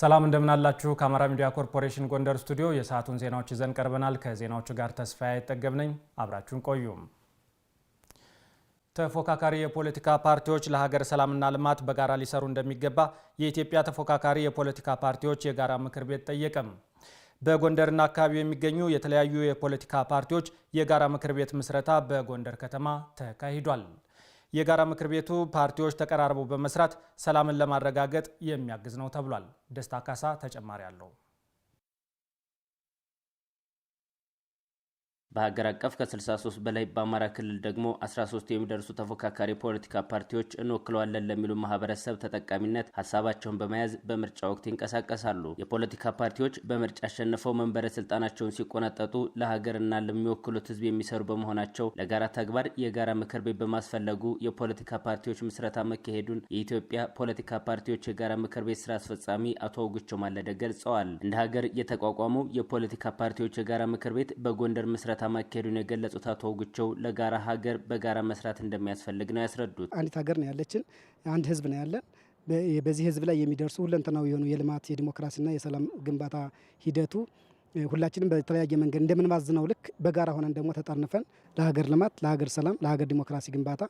ሰላም እንደምናላችሁ። ከአማራ ሚዲያ ኮርፖሬሽን ጎንደር ስቱዲዮ የሰዓቱን ዜናዎች ይዘን ቀርበናል። ከዜናዎቹ ጋር ተስፋዬ አይጠገብ ነኝ። አብራችሁን ቆዩም። ተፎካካሪ የፖለቲካ ፓርቲዎች ለሀገር ሰላምና ልማት በጋራ ሊሰሩ እንደሚገባ የኢትዮጵያ ተፎካካሪ የፖለቲካ ፓርቲዎች የጋራ ምክር ቤት ጠየቀም። በጎንደርና አካባቢው የሚገኙ የተለያዩ የፖለቲካ ፓርቲዎች የጋራ ምክር ቤት ምስረታ በጎንደር ከተማ ተካሂዷል። የጋራ ምክር ቤቱ ፓርቲዎች ተቀራርበው በመስራት ሰላምን ለማረጋገጥ የሚያግዝ ነው ተብሏል። ደስታ ካሳ ተጨማሪ አለው። በሀገር አቀፍ ከ63 በላይ በአማራ ክልል ደግሞ 13 የሚደርሱ ተፎካካሪ ፖለቲካ ፓርቲዎች እንወክለዋለን ለሚሉ ማህበረሰብ ተጠቃሚነት ሀሳባቸውን በመያዝ በምርጫ ወቅት ይንቀሳቀሳሉ። የፖለቲካ ፓርቲዎች በምርጫ አሸንፈው መንበረ ስልጣናቸውን ሲቆናጠጡ ለሀገርና ለሚወክሉት ህዝብ የሚሰሩ በመሆናቸው ለጋራ ተግባር የጋራ ምክር ቤት በማስፈለጉ የፖለቲካ ፓርቲዎች ምስረታ መካሄዱን የኢትዮጵያ ፖለቲካ ፓርቲዎች የጋራ ምክር ቤት ስራ አስፈጻሚ አቶ አውግቸው ማለደ ገልጸዋል። እንደ ሀገር የተቋቋመው የፖለቲካ ፓርቲዎች የጋራ ምክር ቤት በጎንደር ምስረታ ማካሄዱን የገለጹት አቶ ውግቸው ለጋራ ሀገር በጋራ መስራት እንደሚያስፈልግ ነው ያስረዱት። አንዲት ሀገር ነው ያለችን፣ አንድ ህዝብ ነው ያለን። በዚህ ህዝብ ላይ የሚደርሱ ሁለንተናዊ የሆኑ የልማት የዲሞክራሲና የሰላም ግንባታ ሂደቱ ሁላችንም በተለያየ መንገድ እንደምንባዝነው ልክ በጋራ ሆነን ደግሞ ተጠርንፈን ለሀገር ልማት፣ ለሀገር ሰላም፣ ለሀገር ዲሞክራሲ ግንባታ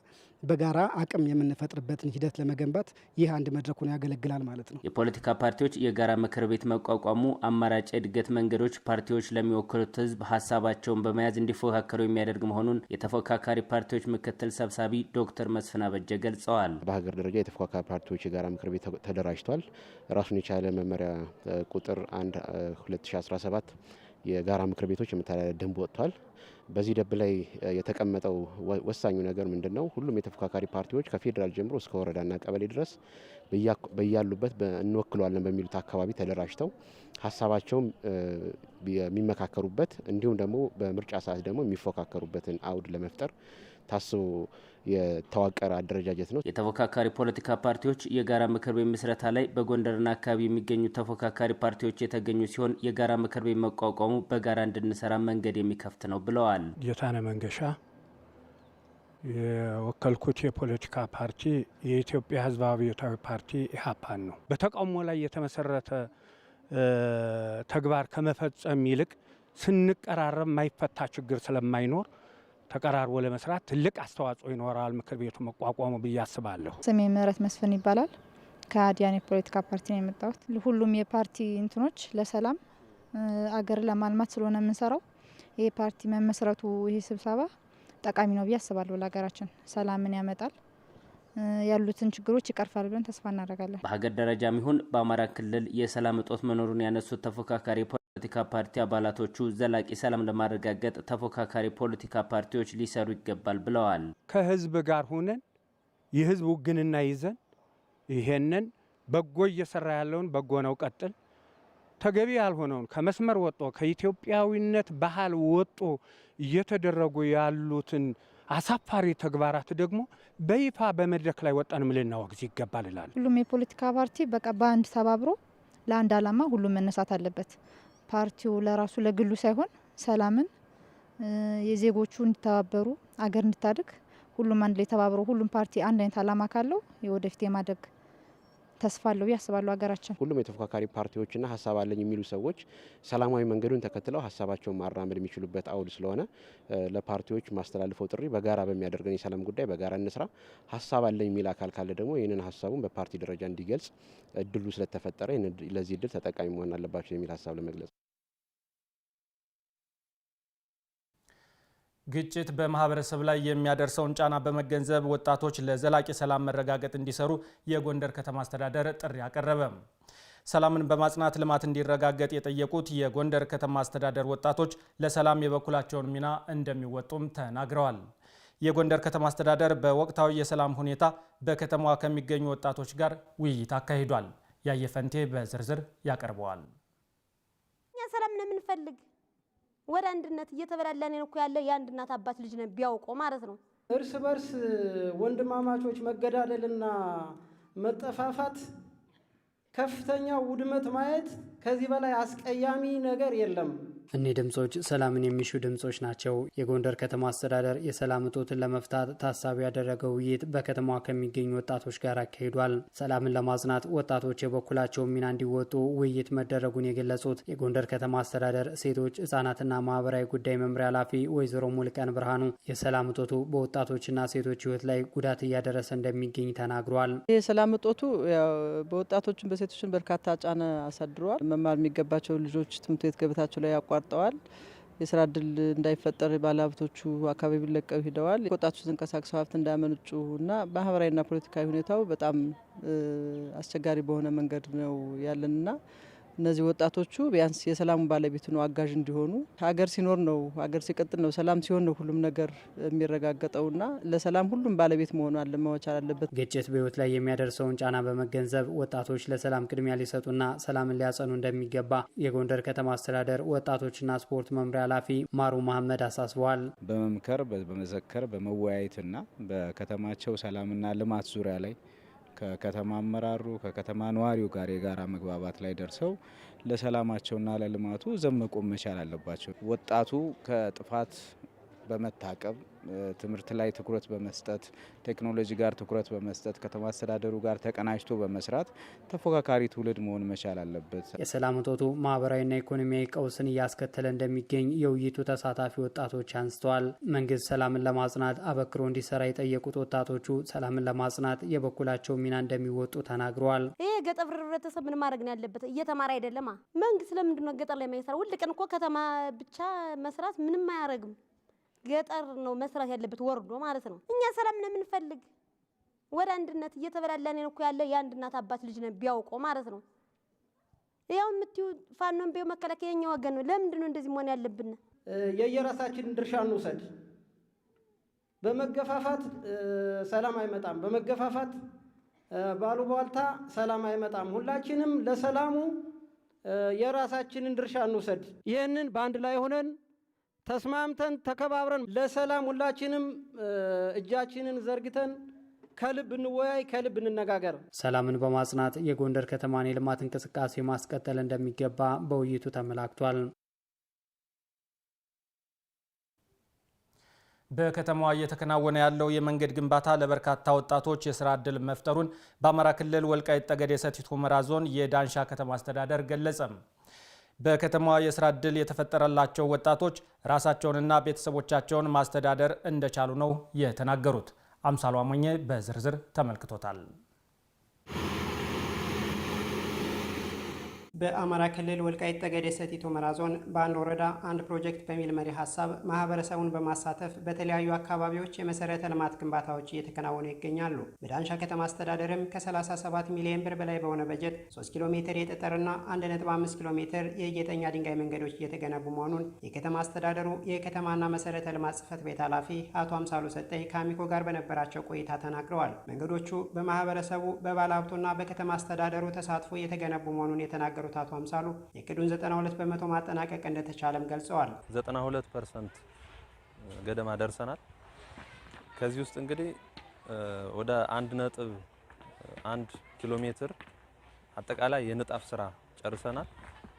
በጋራ አቅም የምንፈጥርበትን ሂደት ለመገንባት ይህ አንድ መድረክ ሆኖ ያገለግላል ማለት ነው። የፖለቲካ ፓርቲዎች የጋራ ምክር ቤት መቋቋሙ አማራጭ የእድገት መንገዶች ፓርቲዎች ለሚወክሉት ህዝብ ሀሳባቸውን በመያዝ እንዲፎካከሩ የሚያደርግ መሆኑን የተፎካካሪ ፓርቲዎች ምክትል ሰብሳቢ ዶክተር መስፍን አበጀ ገልጸዋል። በሀገር ደረጃ የተፎካካሪ ፓርቲዎች የጋራ ምክር ቤት ተደራጅቷል። ራሱን የቻለ መመሪያ ቁጥር 1 2017 የጋራ ምክር ቤቶች የመተዳደሪያ ደንብ ወጥቷል። በዚህ ደንብ ላይ የተቀመጠው ወሳኙ ነገር ምንድን ነው? ሁሉም የተፎካካሪ ፓርቲዎች ከፌዴራል ጀምሮ እስከ ወረዳና ቀበሌ ድረስ በያሉበት እንወክለዋለን በሚሉት አካባቢ ተደራጅተው ሀሳባቸውም የሚመካከሩበት እንዲሁም ደግሞ በምርጫ ሰዓት ደግሞ የሚፎካከሩበትን አውድ ለመፍጠር ታስቦ የተዋቀረ አደረጃጀት ነው። የተፎካካሪ ፖለቲካ ፓርቲዎች የጋራ ምክር ቤት ምስረታ ላይ በጎንደርና አካባቢ የሚገኙ ተፎካካሪ ፓርቲዎች የተገኙ ሲሆን የጋራ ምክር ቤት መቋቋሙ በጋራ እንድንሰራ መንገድ የሚከፍት ነው ብለዋል። ጌታነ መንገሻ የወከልኩት የፖለቲካ ፓርቲ የኢትዮጵያ ሕዝባዊ አብዮታዊ ፓርቲ ኢህአፓን ነው። በተቃውሞ ላይ የተመሰረተ ተግባር ከመፈጸም ይልቅ ስንቀራረብ ማይፈታ ችግር ስለማይኖር ተቀራርቦ ለመስራት ትልቅ አስተዋጽኦ ይኖራል ምክር ቤቱ መቋቋሙ ብዬ አስባለሁ። ስሜ ምህረት መስፍን ይባላል። ከአዲያን የፖለቲካ ፓርቲ ነው የመጣሁት። ሁሉም የፓርቲ እንትኖች ለሰላም አገር ለማልማት ስለሆነ የምንሰራው ይሄ ፓርቲ መመስረቱ ይሄ ስብሰባ ጠቃሚ ነው ብዬ አስባለሁ። ለሀገራችን ሰላምን ያመጣል ያሉትን ችግሮች ይቀርፋል ብለን ተስፋ እናደርጋለን። በሀገር ደረጃም ይሁን በአማራ ክልል የሰላም እጦት መኖሩን ያነሱት ተፎካካሪ ፖለቲካ ፓርቲ አባላቶቹ ዘላቂ ሰላም ለማረጋገጥ ተፎካካሪ ፖለቲካ ፓርቲዎች ሊሰሩ ይገባል ብለዋል። ከህዝብ ጋር ሁነን የህዝብ ውግንና ይዘን ይሄንን በጎ እየሰራ ያለውን በጎ ነው ቀጥል፣ ተገቢ ያልሆነውን ከመስመር ወጦ ከኢትዮጵያዊነት ባህል ወጦ እየተደረጉ ያሉትን አሳፋሪ ተግባራት ደግሞ በይፋ በመድረክ ላይ ወጣንም ልናወግዝ ይገባል ይላል። ሁሉም የፖለቲካ ፓርቲ በቃ በአንድ ተባብሮ ለአንድ አላማ ሁሉም መነሳት አለበት። ፓርቲው ለራሱ ለግሉ ሳይሆን ሰላምን የዜጎቹ እንዲተባበሩ አገር እንድታድግ ሁሉም አንድ ላይ ተባብሮ ሁሉም ፓርቲ አንድ አይነት አላማ ካለው የወደፊት የማደግ ተስፋ አለው ብዬ አስባለሁ። ሀገራችን ሁሉም የተፎካካሪ ፓርቲዎችና ሀሳብ አለኝ የሚሉ ሰዎች ሰላማዊ መንገዱን ተከትለው ሀሳባቸውን ማራመድ የሚችሉበት አውድ ስለሆነ ለፓርቲዎች ማስተላልፈው ጥሪ በጋራ በሚያደርገን የሰላም ጉዳይ በጋራ እንስራ። ሀሳብ አለኝ የሚል አካል ካለ ደግሞ ይህንን ሀሳቡን በፓርቲ ደረጃ እንዲገልጽ እድሉ ስለተፈጠረ ለዚህ እድል ተጠቃሚ መሆን አለባቸው የሚል ሀሳብ ለመግለጽ ግጭት በማህበረሰብ ላይ የሚያደርሰውን ጫና በመገንዘብ ወጣቶች ለዘላቂ ሰላም መረጋገጥ እንዲሰሩ የጎንደር ከተማ አስተዳደር ጥሪ አቀረበ። ሰላምን በማጽናት ልማት እንዲረጋገጥ የጠየቁት የጎንደር ከተማ አስተዳደር ወጣቶች ለሰላም የበኩላቸውን ሚና እንደሚወጡም ተናግረዋል። የጎንደር ከተማ አስተዳደር በወቅታዊ የሰላም ሁኔታ በከተማዋ ከሚገኙ ወጣቶች ጋር ውይይት አካሂዷል። ያየፈንቴ በዝርዝር ያቀርበዋል። ሰላም ነው የምንፈልግ ወደ አንድነት እየተበላላን እኮ ያለ የአንድ እናት አባት ልጅ ነን ቢያውቀው ማለት ነው። እርስ በርስ ወንድማማቾች መገዳደልና መጠፋፋት ከፍተኛ ውድመት ማየት ከዚህ በላይ አስቀያሚ ነገር የለም። እኒህ ድምፆች ሰላምን የሚሹ ድምፆች ናቸው። የጎንደር ከተማ አስተዳደር የሰላም እጦትን ለመፍታት ታሳቢ ያደረገው ውይይት በከተማዋ ከሚገኙ ወጣቶች ጋር አካሂዷል። ሰላምን ለማጽናት ወጣቶች የበኩላቸውን ሚና እንዲወጡ ውይይት መደረጉን የገለጹት የጎንደር ከተማ አስተዳደር ሴቶች ህጻናትና ማህበራዊ ጉዳይ መምሪያ ኃላፊ ወይዘሮ ሙልቀን ብርሃኑ የሰላም እጦቱ በወጣቶችና ሴቶች ህይወት ላይ ጉዳት እያደረሰ እንደሚገኝ ተናግሯል። የሰላም እጦቱ በወጣቶችን በሴቶችን በርካታ ጫና አሳድሯል። መማር የሚገባቸው ልጆች ትምህርት ቤት ገበታቸው ላይ ያቋ ተቋጠዋል። የስራ እድል እንዳይፈጠር ባለሀብቶቹ አካባቢ ለቀው ሂደዋል። ወጣቶች ተንቀሳቅሰው ሀብት እንዳያመነጩ እና ማህበራዊና ፖለቲካዊ ሁኔታው በጣም አስቸጋሪ በሆነ መንገድ ነው ያለንና እነዚህ ወጣቶቹ ቢያንስ የሰላሙ ባለቤት ነው አጋዥ እንዲሆኑ ሀገር ሲኖር ነው ሀገር ሲቀጥል ነው ሰላም ሲሆን ነው ሁሉም ነገር የሚረጋገጠው ና ለሰላም ሁሉም ባለቤት መሆኑ መቻል አለበት። ግጭት በሕይወት ላይ የሚያደርሰውን ጫና በመገንዘብ ወጣቶች ለሰላም ቅድሚያ ሊሰጡና ሰላምን ሊያጸኑ እንደሚገባ የጎንደር ከተማ አስተዳደር ወጣቶችና ስፖርት መምሪያ ኃላፊ ማሩ መሀመድ አሳስበዋል። በመምከር በመዘከር በመወያየትና በከተማቸው ሰላምና ልማት ዙሪያ ላይ ከከተማ አመራሩ ከከተማ ነዋሪው ጋር የጋራ መግባባት ላይ ደርሰው ለሰላማቸውና ለልማቱ ዘብ መቻል አለባቸው። ወጣቱ ከጥፋት በመታቀብ ትምህርት ላይ ትኩረት በመስጠት ቴክኖሎጂ ጋር ትኩረት በመስጠት ከተማ አስተዳደሩ ጋር ተቀናጅቶ በመስራት ተፎካካሪ ትውልድ መሆን መቻል አለበት። የሰላም እጦቱ ማህበራዊና ኢኮኖሚያዊ ቀውስን እያስከተለ እንደሚገኝ የውይይቱ ተሳታፊ ወጣቶች አንስተዋል። መንግስት ሰላምን ለማጽናት አበክሮ እንዲሰራ የጠየቁት ወጣቶቹ ሰላምን ለማጽናት የበኩላቸው ሚና እንደሚወጡ ተናግረዋል። ይሄ ገጠር ህብረተሰብ ምን ማድረግ ነው ያለበት? እየተማረ አይደለም። መንግስት ለምንድነው ገጠር ላይ ማይሰራ? እኮ ከተማ ብቻ መስራት ምንም አያረግም። ገጠር ነው መስራት ያለበት ወርዶ ማለት ነው። እኛ ሰላም ነው የምንፈልግ። ወደ አንድነት እየተበላላን እኮ ያለ የአንድ እናት አባት ልጅ ነው ቢያውቀው ማለት ነው። ያው የምትዩ ፋኖን ቢው መከላከያ የኛ ወገን ነው። ለምንድን ነው እንደዚህ መሆን ያለብን? የየራሳችንን ድርሻ እንውሰድ። በመገፋፋት ሰላም አይመጣም። በመገፋፋት ባሉ ባሉባልታ ሰላም አይመጣም። ሁላችንም ለሰላሙ የራሳችንን ድርሻ እንውሰድ። ይህንን በአንድ ላይ ሆነን ተስማምተን ተከባብረን ለሰላም ሁላችንም እጃችንን ዘርግተን ከልብ እንወያይ፣ ከልብ እንነጋገር። ሰላምን በማጽናት የጎንደር ከተማን የልማት እንቅስቃሴ ማስቀጠል እንደሚገባ በውይይቱ ተመላክቷል። በከተማዋ እየተከናወነ ያለው የመንገድ ግንባታ ለበርካታ ወጣቶች የስራ ዕድል መፍጠሩን በአማራ ክልል ወልቃይት ጠገዴ ሰቲት ሁመራ ዞን የዳንሻ ከተማ አስተዳደር ገለጸም። በከተማዋ የስራ ዕድል የተፈጠረላቸው ወጣቶች ራሳቸውንና ቤተሰቦቻቸውን ማስተዳደር እንደቻሉ ነው የተናገሩት። አምሳሉ አሞኘ በዝርዝር ተመልክቶታል። በአማራ ክልል ወልቃይት ጠገዴ ሰቲት ሁመራ ዞን በአንድ ወረዳ አንድ ፕሮጀክት በሚል መሪ ሀሳብ ማህበረሰቡን በማሳተፍ በተለያዩ አካባቢዎች የመሰረተ ልማት ግንባታዎች እየተከናወኑ ይገኛሉ። በዳንሻ ከተማ አስተዳደርም ከ37 ሚሊዮን ብር በላይ በሆነ በጀት 3 ኪሎ ሜትር የጠጠርና 1.5 ኪሎ ሜትር የጌጠኛ ድንጋይ መንገዶች እየተገነቡ መሆኑን የከተማ አስተዳደሩ የከተማና መሰረተ ልማት ጽህፈት ቤት ኃላፊ አቶ አምሳሉ ሰጠኝ ከአሚኮ ጋር በነበራቸው ቆይታ ተናግረዋል። መንገዶቹ በማህበረሰቡ በባለሀብቱና በከተማ አስተዳደሩ ተሳትፎ እየተገነቡ መሆኑን የተናገሩ የተናገሩት አቶ አምሳሉ እቅዱን 92 በመቶ ማጠናቀቅ እንደተቻለም ገልጸዋል። 92 ፐርሰንት ገደማ ደርሰናል። ከዚህ ውስጥ እንግዲህ ወደ አንድ ነጥብ አንድ ኪሎ ሜትር አጠቃላይ የንጣፍ ስራ ጨርሰናል።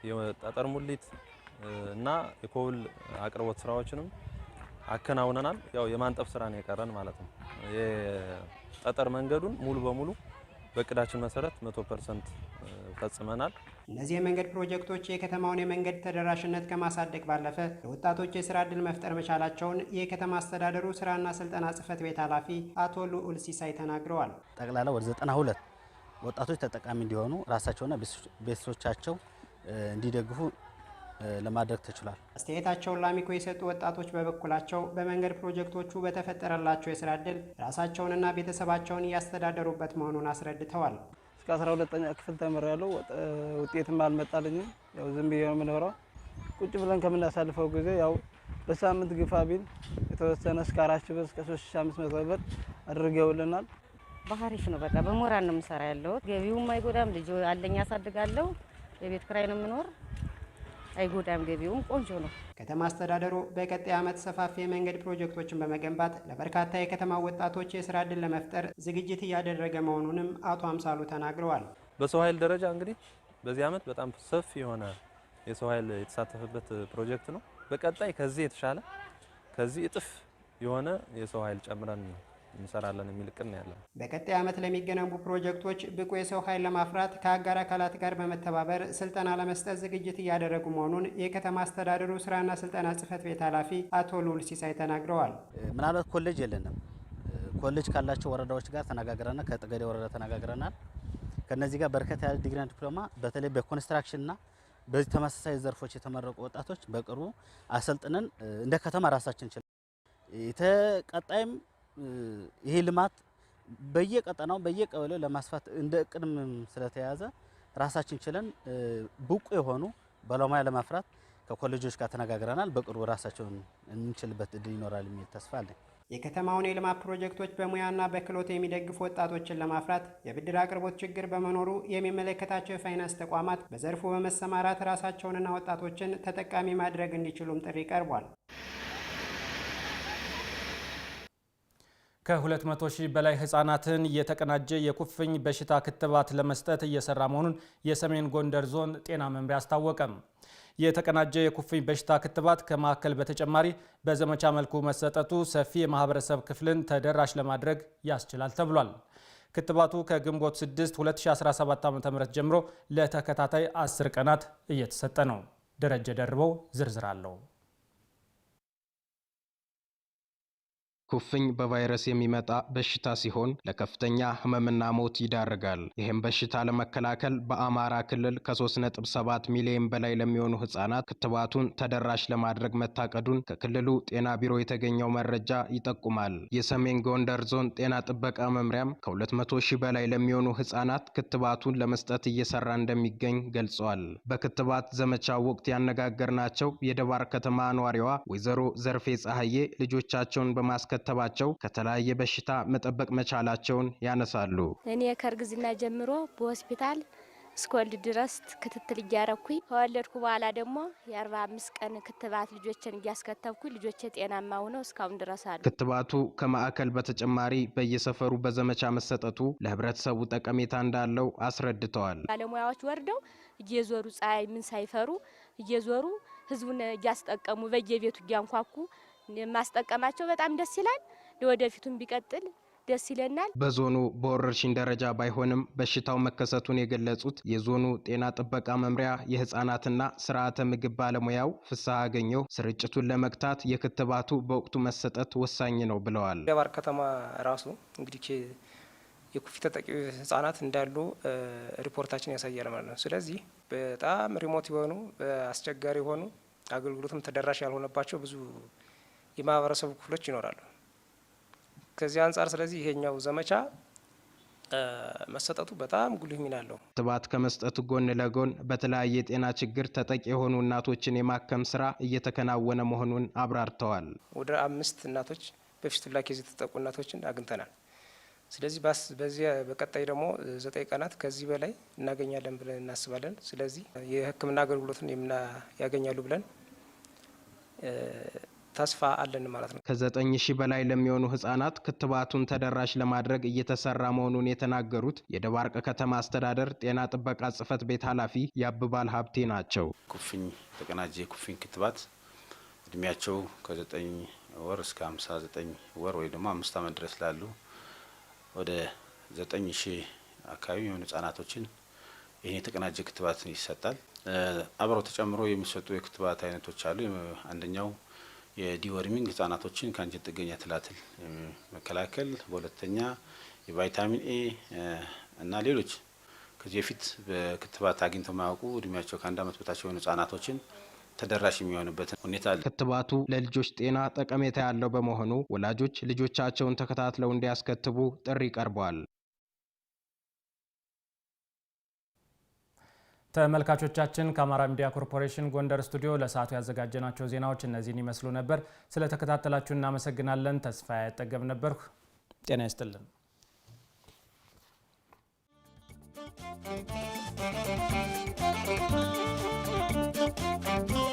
የጠጠር ሙሊት እና የኮብል አቅርቦት ስራዎችንም አከናውነናል። ያው የማንጠፍ ስራ ነው የቀረን ማለት ነው። የጠጠር መንገዱን ሙሉ በሙሉ በእቅዳችን መሰረት 100% ፈጽመናል። እነዚህ የመንገድ ፕሮጀክቶች የከተማውን የመንገድ ተደራሽነት ከማሳደግ ባለፈ ለወጣቶች የስራ ዕድል መፍጠር መቻላቸውን የከተማ አስተዳደሩ ስራና ስልጠና ጽህፈት ቤት ኃላፊ አቶ ልዑል ሲሳይ ተናግረዋል። ጠቅላላ ወደ 92 ወጣቶች ተጠቃሚ እንዲሆኑ ራሳቸውና ቤተሰቦቻቸው እንዲደግፉ ለማድረግ ተችሏል። አስተያየታቸውን ላሚኮ የሰጡ ወጣቶች በበኩላቸው በመንገድ ፕሮጀክቶቹ በተፈጠረላቸው የስራ እድል ራሳቸውንና ቤተሰባቸውን እያስተዳደሩበት መሆኑን አስረድተዋል። እስከ 12ኛ ክፍል ያለው ውጤትም አልመጣልኝም። ያው ዝም ብዬ ነው የምኖረው። ቁጭ ብለን ከምናሳልፈው ጊዜ ያው በሳምንት ግፋ ቢል የተወሰነ እስከ አራት ሺህ ብር እስከ 3500 ብር አድርገውልናል። ነው። በቃ በሞራል ነው የምሰራ ያለሁት። ገቢውም አይጎዳም። ልጅ አለኝ ያሳድጋለሁ። የቤት ክራይ ነው የምኖር አይጎዳም። ገቢውም ቆንጆ ነው። ከተማ አስተዳደሩ በቀጣይ ዓመት ሰፋፊ የመንገድ ፕሮጀክቶችን በመገንባት ለበርካታ የከተማ ወጣቶች የስራ ዕድል ለመፍጠር ዝግጅት እያደረገ መሆኑንም አቶ አምሳሉ ተናግረዋል። በሰው ኃይል ደረጃ እንግዲህ በዚህ ዓመት በጣም ሰፊ የሆነ የሰው ኃይል የተሳተፈበት ፕሮጀክት ነው። በቀጣይ ከዚህ የተሻለ ከዚህ እጥፍ የሆነ የሰው ኃይል ጨምረን እንሰራለን የሚል እቅድ ነው ያለን። በቀጣይ ዓመት ለሚገነቡ ፕሮጀክቶች ብቁ የሰው ኃይል ለማፍራት ከአጋር አካላት ጋር በመተባበር ስልጠና ለመስጠት ዝግጅት እያደረጉ መሆኑን የከተማ አስተዳደሩ ስራና ስልጠና ጽህፈት ቤት ኃላፊ አቶ ሉል ሲሳይ ተናግረዋል። ምናልባት ኮሌጅ የለንም። ኮሌጅ ካላቸው ወረዳዎች ጋር ተነጋግረናል። ከጥገዴ ወረዳ ተነጋግረናል። ከነዚህ ጋር በርከት ያለ ዲግሪና ዲፕሎማ በተለይ በኮንስትራክሽንና በዚህ ተመሳሳይ ዘርፎች የተመረቁ ወጣቶች በቅርቡ አሰልጥነን እንደ ከተማ ራሳችን ችላል። ቀጣይም ይሄ ልማት በየቀጠናው በየቀበሌው ለማስፋት እንደ እቅድም ስለተያዘ ራሳችን ችለን ብቁ የሆኑ ባለሙያ ለማፍራት ከኮሌጆች ጋር ተነጋግረናል። በቅርቡ ራሳቸውን የምንችልበት እድል ይኖራል የሚል ተስፋ አለኝ። የከተማውን የልማት ፕሮጀክቶች በሙያና በክህሎት የሚደግፉ ወጣቶችን ለማፍራት የብድር አቅርቦት ችግር በመኖሩ የሚመለከታቸው የፋይናንስ ተቋማት በዘርፉ በመሰማራት ራሳቸውንና ወጣቶችን ተጠቃሚ ማድረግ እንዲችሉም ጥሪ ቀርቧል። ከ200 ሺህ በላይ ህጻናትን የተቀናጀ የኩፍኝ በሽታ ክትባት ለመስጠት እየሰራ መሆኑን የሰሜን ጎንደር ዞን ጤና መምሪያ አስታወቀም። የተቀናጀ የኩፍኝ በሽታ ክትባት ከማዕከል በተጨማሪ በዘመቻ መልኩ መሰጠቱ ሰፊ የማህበረሰብ ክፍልን ተደራሽ ለማድረግ ያስችላል ተብሏል። ክትባቱ ከግንቦት 6 2017 .ም ጀምሮ ለተከታታይ 10 ቀናት እየተሰጠ ነው። ደረጀ ደርበው ዝርዝር አለው። ኩፍኝ በቫይረስ የሚመጣ በሽታ ሲሆን ለከፍተኛ ህመምና ሞት ይዳርጋል። ይህም በሽታ ለመከላከል በአማራ ክልል ከ3.7 ሚሊዮን በላይ ለሚሆኑ ህጻናት ክትባቱን ተደራሽ ለማድረግ መታቀዱን ከክልሉ ጤና ቢሮ የተገኘው መረጃ ይጠቁማል። የሰሜን ጎንደር ዞን ጤና ጥበቃ መምሪያም ከ200 ሺህ በላይ ለሚሆኑ ህጻናት ክትባቱን ለመስጠት እየሰራ እንደሚገኝ ገልጿል። በክትባት ዘመቻው ወቅት ያነጋገርናቸው የደባር ከተማ ኗሪዋ ወይዘሮ ዘርፌ ፀሐዬ ልጆቻቸውን በማስከ በመከተባቸው ከተለያየ በሽታ መጠበቅ መቻላቸውን ያነሳሉ። እኔ ከእርግዝና ጀምሮ በሆስፒታል እስከወልድ ድረስ ክትትል እያረኩኝ ከወለድኩ በኋላ ደግሞ የአርባ አምስት ቀን ክትባት ልጆችን እያስከተብኩኝ ልጆች ጤናማ ሆነው እስካሁን ድረስ አሉ። ክትባቱ ከማዕከል በተጨማሪ በየሰፈሩ በዘመቻ መሰጠቱ ለህብረተሰቡ ጠቀሜታ እንዳለው አስረድተዋል። ባለሙያዎች ወርደው እየዞሩ ፀሐይ ምን ሳይፈሩ እየዞሩ ህዝቡን እያስጠቀሙ በየቤቱ እያንኳኩ ማስጠቀማቸው በጣም ደስ ይላል። ለወደፊቱም ቢቀጥል ደስ ይለናል። በዞኑ በወረርሽኝ ደረጃ ባይሆንም በሽታው መከሰቱን የገለጹት የዞኑ ጤና ጥበቃ መምሪያ የህፃናትና ስርዓተ ምግብ ባለሙያው ፍስሐ አገኘው ስርጭቱን ለመግታት የክትባቱ በወቅቱ መሰጠት ወሳኝ ነው ብለዋል። ባር ከተማ ራሱ እንግዲህ የኩፊት ተጠቂ ህጻናት እንዳሉ ሪፖርታችን ያሳያል ማለት ነው። ስለዚህ በጣም ሪሞት የሆኑ አስቸጋሪ የሆኑ አገልግሎትም ተደራሽ ያልሆነባቸው ብዙ የማህበረሰቡ ክፍሎች ይኖራሉ። ከዚህ አንጻር ስለዚህ ይሄኛው ዘመቻ መሰጠቱ በጣም ጉልህ ሚና አለው። ክትባት ከመስጠቱ ጎን ለጎን በተለያየ የጤና ችግር ተጠቂ የሆኑ እናቶችን የማከም ስራ እየተከናወነ መሆኑን አብራርተዋል። ወደ አምስት እናቶች በፊስቱላ ኬዝ የተጠቁ እናቶችን አግኝተናል። ስለዚህ በዚህ በቀጣይ ደግሞ ዘጠኝ ቀናት ከዚህ በላይ እናገኛለን ብለን እናስባለን። ስለዚህ የሕክምና አገልግሎትን ያገኛሉ ብለን ተስፋ አለን ማለት ነው። ከዘጠኝ ሺህ በላይ ለሚሆኑ ህጻናት ክትባቱን ተደራሽ ለማድረግ እየተሰራ መሆኑን የተናገሩት የደባርቅ ከተማ አስተዳደር ጤና ጥበቃ ጽህፈት ቤት ኃላፊ ያብባል ሀብቴ ናቸው። ኩፍኝ ተቀናጀ ኩፍኝ ክትባት እድሜያቸው ከዘጠኝ ወር እስከ ሃምሳ ዘጠኝ ወር ወይ ደግሞ አምስት ዓመት ድረስ ላሉ ወደ ዘጠኝ ሺህ አካባቢ የሆኑ ህጻናቶችን ይህን የተቀናጀ ክትባት ይሰጣል። አብረው ተጨምሮ የሚሰጡ የክትባት አይነቶች አሉ። አንደኛው የዲወርሚንግ ህጻናቶችን ከአንጀት ጥገኛ ትላትል መከላከል፣ በሁለተኛ የቫይታሚን ኤ እና ሌሎች ከዚህ በፊት በክትባት አግኝተው ማያውቁ እድሜያቸው ከአንድ አመት በታች የሆኑ ህጻናቶችን ተደራሽ የሚሆንበትን ሁኔታ አለ። ክትባቱ ለልጆች ጤና ጠቀሜታ ያለው በመሆኑ ወላጆች ልጆቻቸውን ተከታትለው እንዲያስከትቡ ጥሪ ቀርበዋል። ተመልካቾቻችን ከአማራ ሚዲያ ኮርፖሬሽን ጎንደር ስቱዲዮ ለሰዓቱ ያዘጋጀናቸው ዜናዎች እነዚህን ይመስሉ ነበር። ስለተከታተላችሁ እናመሰግናለን። ተስፋ ያጠገብ ነበርኩ። ጤና ይስጥልን።